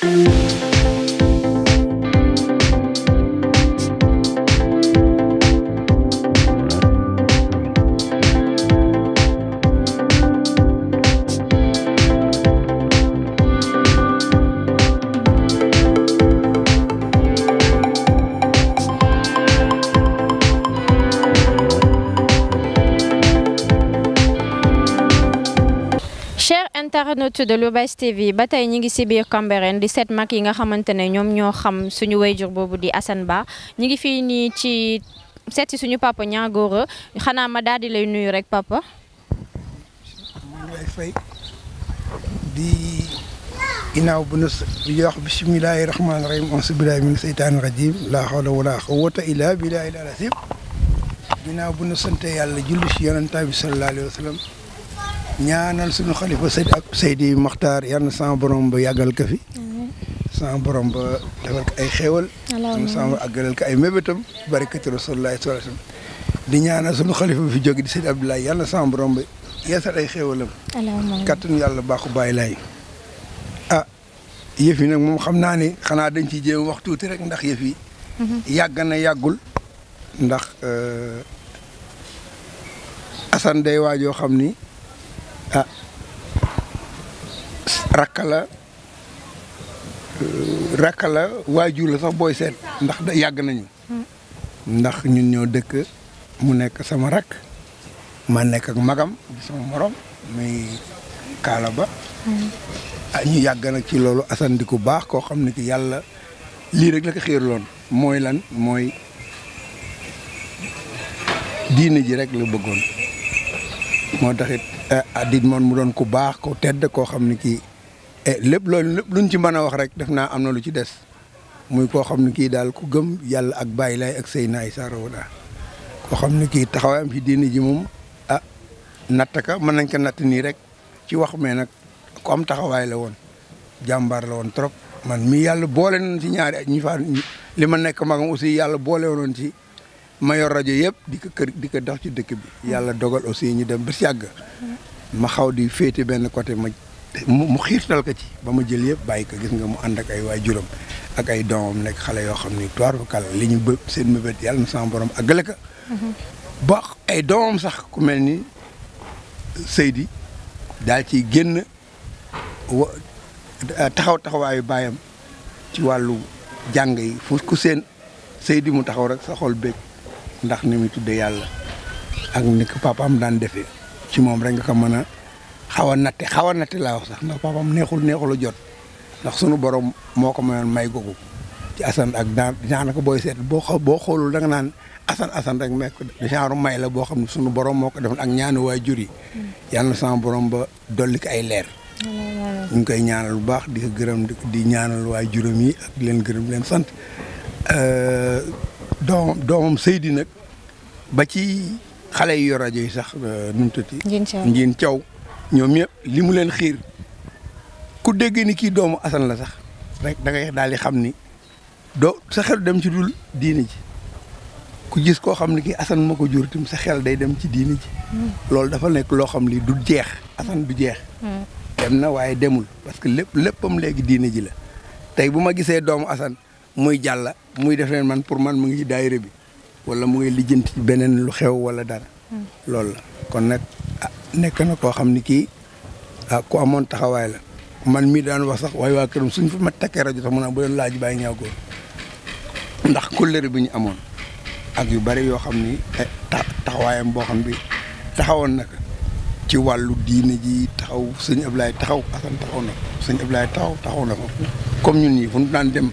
thank you internet de Lou'Bess TV ba tey ñi ngi si biir Cambérène di set mag yi nga xamante ne ñoom ñoo xam suñu wayjur boobu di Assane Ba ñi ngi fii nii ci set si suñu papa Niangora xanaa ma daal di lay nuyu rek papa. lay fay bu nu di wax bismillahi rahmaani rahim auzu billahi min seytaani rajim illa billahi bu nu sante yàlla julli si yonent bi ñaanal suñu xalifa Seydi ak Seydi Maxtaar yal na borom ba yàggal ko fi. sama borom ba defal ko ay xéewal. alaamaaleykum sama àggalal ko ay mébétam. barakatu rasulilah sallallahu di ñaanal suñu xalifa fi jóge di Seydi borom ba yeesal ay xéewalam. alaamaaleykum kattanu yàlla baaxu bàyyi laay. ah yëf nag moom xam naa ne xanaa dañ ciy jéem wax tuuti rek ndax yëf yi. Mm-hmm. yàgg na yàggul. ndax euh, Assane day waajoo xam ni. ah euh, rakka la waajur la sax booy seet ndax da yàgg nañu hmm. ndax ñun ñoo dëkk mu nekk sama rakk ma nekk ak magam sama morom muy kaala ba hmm. ah ñu yàgg nag ci loolu Assane di ku baax koo xam ne ki yàlla lii rek la ko xiirloon mooy lan mooy diine ji rek la bëggoon moo tax it eh, addit ah, mu doon ku baax ku tedd koo xam ne kii eh, lépp loolu lépp luñ ci mën a wax rek def naa am na lu ci des muy koo xam ne kii daal ku gëm yàlla ak baay laay ak sëy naay saarawadaa koo xam ne kii taxawaayam ci diini ji moom ah nattaka mën nañ ko natt nii rek ci wax mais nag ku am taxawaay la woon jàmbaar la woon trop man mi yàlla boole nañ ci ñaari ñi fa li ma nekk magam aussi yàlla boole woon ci ma yor rajo yëpp di ko kër di ko dox ci dëkk bi. yàlla dogal aussi ñu dem ba si àgg ma xaw di féete benn côté ma mu xiirtal ko ci. ba ma jël yëpp bàyyi ko gis nga mu ànd ak ay waajuram ak ay doomam nekk xale yoo xam ni toir li ñu bë seen mébét yàlla na sama borom àggale ko. ay doomam sax ku mel ni Seydi daal ci génn taxaw taxawaayu baayam ci wàllu jàng yi fu ku seen Seydi mu taxaw rek sa xol beeg. ndax ni muy tuddee yàlla ak ni papa mu daan defee ci moom rek nga ko mën a xaw a natte xaw natte laa wax sax ndax papaam neexul neexul a jot ndax sunu borom moo ko mayoon may googu ci ak daan daanaka booy seet boo xoo boo xoolul da nga naan Assane Assane rek mekk genre may la boo xam ne borom moo ko defoon ak ñaanu waay jur yi. Hmm. yàlla saam sama borom ba dolli ko ay leer. Hmm. ñu koy ñaanal bu baax di ko gërëm di ñaanal waay juróom yi ak leen gërëm leen sant. Euh, doomam doomam Seydi nag ba ci xale yu yor rajo yi sax euh, nu mu tëddee. Ndiin Thiaw ñoom ñëpp li mu leen xiir ku dégg ni kii doomu Assane la sax rek da ngay daal di xam ni doo sa xel dem ci dul diini ji ku gis koo xam ne kii Assane ma ko jur tim sa xel day dem ci diini ji. Hmm. loolu dafa nekk loo xam lii du jeex Assane du jeex. Hmm. dem na waaye demul parce que lépp léppam léegi diini ji la tey bu ma gisee doomu Assane. muy jàlla muy def leen man pour man mu ngi ci daayira bi wala mu ngi lijjanti beneen lu xew wala dara. Hmm. loolu la kon nag ah, nekk na koo xam ni kii ah ku amoon taxawaay la man mii daan wax sax waaye waa këram suñ fa ma tekkee rajo sax mu ne bu leen laaj bàyyi ñaaw góor ndax kóllëre bi ñu amoon ak yu bari yoo xam ni eh, taxawaayam boo xam bi taxawoon na ci wàllu diine ji taxaw sëñ Ablaye taxaw Assane taxaw na ko sëñ Ablaye taxaw taxaw na ko comme ñun ñii fu ñu daan dem.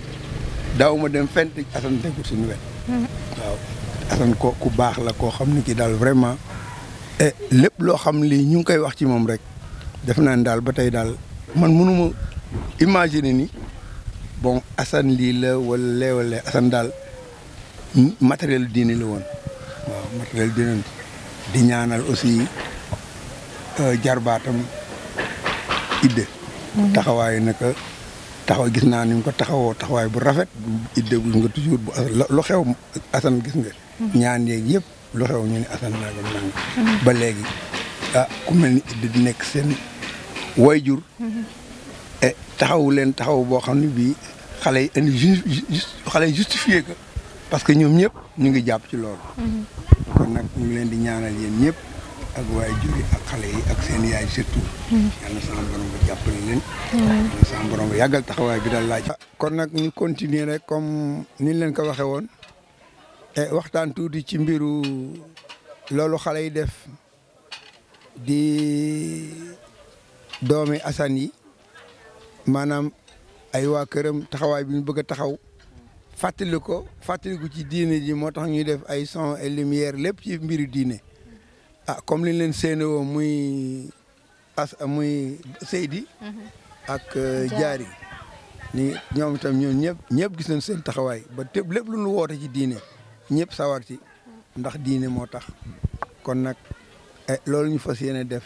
daaw ma dem fent asan tegu suñu wet waaw Assane ko ku baax la koo xam ne ki daal vraiment eh, lépp loo xam ni ñu ngi koy wax ci moom rek def naa daal ba tey daal man mënuma imaginer nii bon Assane lii la wala lee wala daal matériel diine la woon waaw matériel diine di ñaanal aussi euh, jarbaatam idde mm-hmm. taxawaayu naka taxaw gis naa ni mu ko taxawoo taxawaay bu rafet idée gis nga toujours bu lu xew Assane gis nga mm-hmm. ñaan yeeg yëpp loxew ñu ne Assane naa gam mm-hmm. ba léegi ah ku mel ni idée di nekk seen wayjur mm-hmm. e eh, taxaw leen taxaw boo xam ne bii xale yi indi ko parce que ñoom ñëpp ñu ngi jàpp ci lool kon nag leen di ñaanal yéen ñëpp ak waajur yi ak xale yi ak seen yaay surtout. yal na sama borom nga jàppale leen. yal na sama borom nga yàggal taxawaay bi daal laaj. kon nag ñu continuer rek comme ni leen ko waxee woon e, waxtaan tuuti ci mbiru loolu xale yi def di doomi Assane yi maanaam ay waa këram taxawaay bi ñu bëgg a taxaw. fàttali ko fàttali ko ci diine ji moo tax ñuy def ay son et lumière lépp ci mbiru diine ah comme li leen séenoo muy as muy Seydi. Mhm. ak euh, Jaari. ni ñoom itam ñoom ñëpp ñëpp gis nañ seen taxawaay ba tépp lépp lu ñu ci diine ñëpp sawar ci ndax diine moo tax kon nag eh, loolu ñu fas yéene def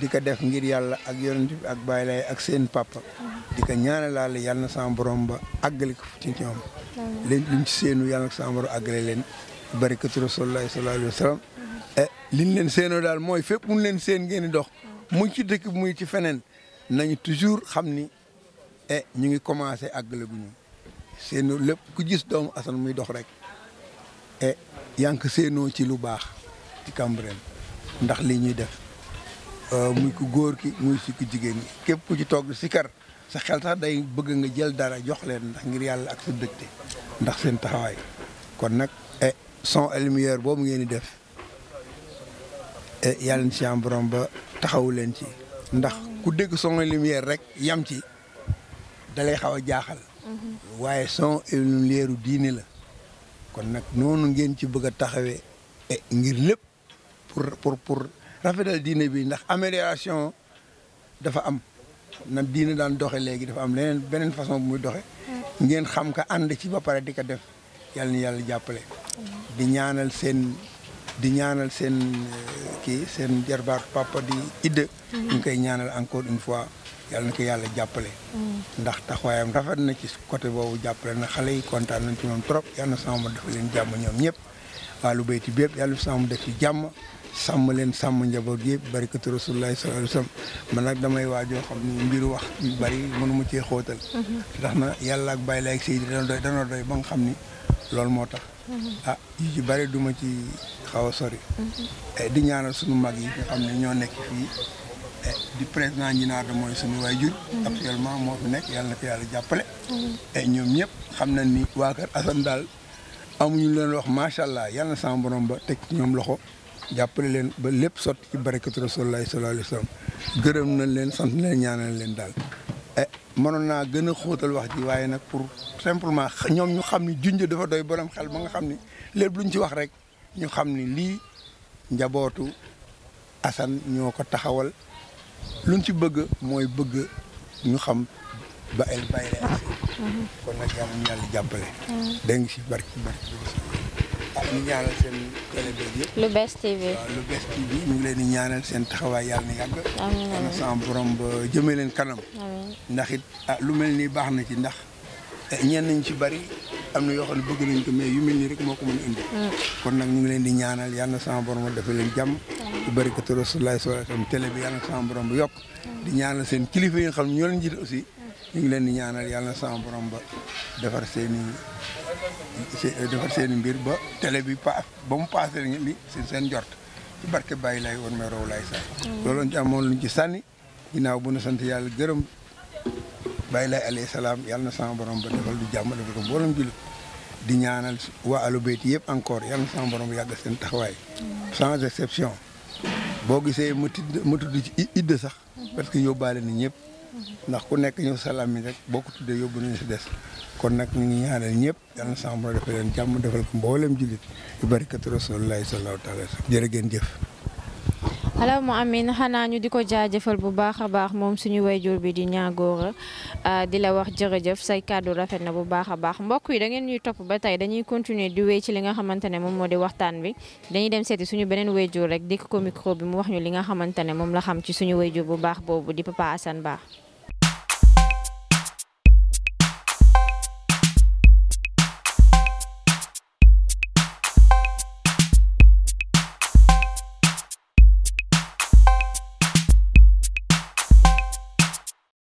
di ko def ngir yàlla ak yonent bi ak Baay Laay ak seen papa. Mhm. di ko ñaanalaale yàlla na sama ba àggali ko ci ñoom. leen luñ ci seenu yàlla na sama borom àggale leen barikatu rasulullahi sallallahu alayhi wa sallam e eh, ñu leen séenoo daal mooy fépp mu leen seen ngeen di dox mm. muy ci dëkk muy ci feneen nañu toujours xam ni e ñu ngi commencé àggale gu ñu séenoo lépp ku gis doomu Assane muy dox rek e yaa ngi ci lu baax ci Cambérène ndax lii ñuy def euh, muy ku góor ki muy si ku jigéen ñi képp ku ci toog si kar sa xel sax day bëgg nga jël dara jox leen ndax ngir yàlla ak sa dëkte ndax seen taxawaay kon nag e son et lumière boobu ngeen di def Eh, yàlla na si am borom ba taxawu leen ci ndax ku dégg son et lumière rek yam ci dalay xaw a jaaxal mhm. waaye son et lumière diine la kon nag noonu ngeen ci bëgg a taxawee eh, ngir lépp pour pour pour rafetal diine bi ndax amélioration dafa am na diine daan doxe léegi dafa am leneen beneen façon bu muy doxe mhm. ngeen xam ka ànd ci ba pare di ko def yàlla na yàlla jàppale mhm. di ñaanal seen di ñaanal seen eh, kii seen jarbaar papa di idde mhm. ñu ngi koy ñaanal encore une fois yàlla na ko yàlla jàppale mm. ndax taxawaayam rafet na ci côté boobu jàppale na xale yi kontaan nañ ci moom trop yàlla na sama jàmm ñoom ñëpp wàllu bayti bi yëpp yàlla na sama def ci jàmm sàmm leen sàmm njaboot yëpp barikatu rasulullah sallallahu alayhi wasallam man nag damay waajoo xam ni mbiru wax yu bari mënu mu cee xóotal mhm. ndax na yàlla ak bàyyi la ak seydi dana doy dana doy ba nga xam ni loolu moo tax mhm. ah yu ci bari duma ci xaw a sori. Mhm. Eh, di ñaanal suñu mag yi nga xam ne ñoo nekk fii eh, di président Djinada mooy sunu waajur. Mhm. actuellement moo fi nekk yàlla na ko yàlla jàppale. Mhm. Eh, ñoom ñëpp xam nañ ni waa kër daal amuñu leen wax macha allah yàlla na ba teg ñoom loxo jàppale leen ba lépp sot ci barakatu rasulullahi sallallahu alayhi wasallam gërëm nañ leen sant leen ñaanal leen daal. mënoon naa gën a xóotal wax ji waaye nag pour simplement ñoom ñu xam ni junj dafa doy borom xel ba nga xam ni lépp luñ ci wax rek. ñu xam ni lii njabootu Assane ñoo ko taxawal luñ ci bëgg mooy bëgg ñu xam ba el bàyyi la kon nag yàlla ñu yàlla jàppale. Mm. dégg nga si barki barki ak seen télé bi yëpp. lu bees TV waaw lu ñu leen di ñaanal seen taxawaay yàlla na yàgg. amiin amiin ba jëmee leen kanam. ndax ah, lu mel nii baax na ci ndax eh, ñenn nañ ci bari. am na yoo xam ne bëgg nañ ko mais yu mel nii rek moo ko mën a indi. Mm. kon nag ñu ngi leen di ñaanal yal na sama borom dafa leen jàmm. di barkatu Rasulullah sallallahu alayhi wasallam télé bi mm. seen kilifa yi xam ne ñoo leen mm. ñu ngi leen di ñaanal yal sama borom ba defar seen i defar seen i mbir ba télé bi pa ba mu paase li si seen jot ci barke Baye lay woon mais raw laay sax. loolu am moom lañ ci sànni ginnaaw bu na sant yàlla gërëm. bay laay alayhi salaam yàlla na sama borom ba defal du jàmm defal ko mboolem jullit di ñaanal waa Ahlul Bayt yëpp encore yàlla na sama borom yàgg seen taxawaay sans exception boo gisee mu tudd mu tudd ci idda sax parce que yóbbaale na ñëpp ndax ku nekk ñu salaam mi rek boo ko tuddee na ñu si des kon nag ñu ngi ñaanal ñëpp yàlla na sama borom defal leen jàmm defal ko mboolem jullit bi barikatu rasulillahi sallallahu taala jërë ngeen jëf ala mu amin xanaa ñu di ko jaajëfal bu baax a baax moom suñu wayjur bi di ñaagoora ah, di la wax jërëjëf say kàddu rafet na bu baax a baax mbokk yi da ngeen ñuy topp ba tey dañuy continuer di wéy ci li nga xamante ne moom moo di waxtaan bi dañuy dem seeti suñu beneen wayjur rek dikk ko micro bi mu wax ñu li nga xamante ne moom la xam ci suñu wayjur bu baax boobu di papa Assane Ba